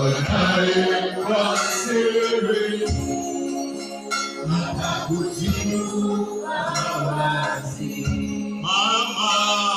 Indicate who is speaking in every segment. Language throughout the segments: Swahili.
Speaker 1: When I was serious, Matakujimu Mawazi Mama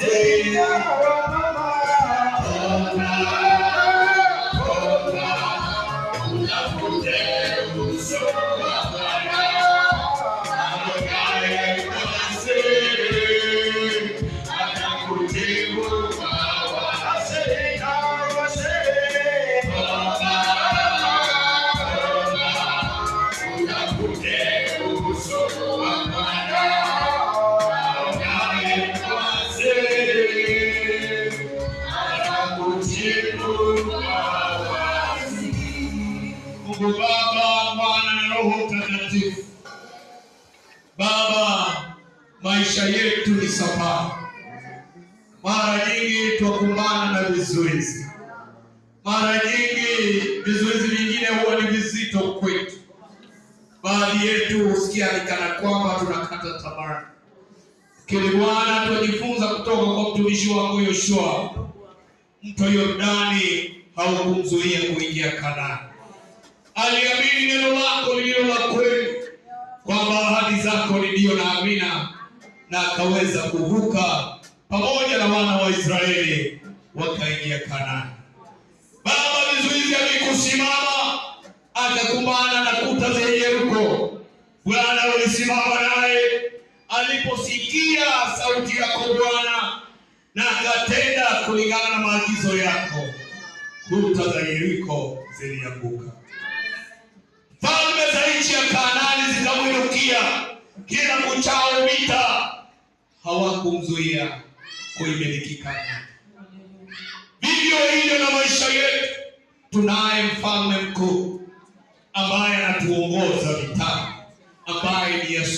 Speaker 1: Senhor, amado.
Speaker 2: Mungu Baba, Mwana na Roho Mtakatifu. Baba, maisha yetu ni safari. Mara nyingi twakumbana na vizuizi, mara nyingi vizuizi vingine huwa ni vizito kwetu. Baadhi yetu husikia ni kana kwamba tunakata tamaa, lakini Bwana, twajifunza kutoka kwa mtumishi wangu Yoshua, mto Yordani haukumzuia kuingia Kanaani aliamini neno lako lililo la kweli, kwamba ahadi zako ni ndio na amina, na akaweza kuvuka pamoja na wana wa Israeli wakaingia Kanaani. Baba, vizuizi havikusimama, akakumbana na kuta za Yeriko. Bwana ulisimama naye, aliposikia sauti yako Bwana, na akatenda kulingana na maagizo yako, kuta za Yeriko zilianguka falme za nchi ya Kanaani zitamwinukia kila kuchao vita, hawakumzuia kuimiliki Kanaani. Vivyo hivyo na maisha yetu, tunaye mfalme mkuu ambaye anatuongoza vitani, ambaye ni Yesu.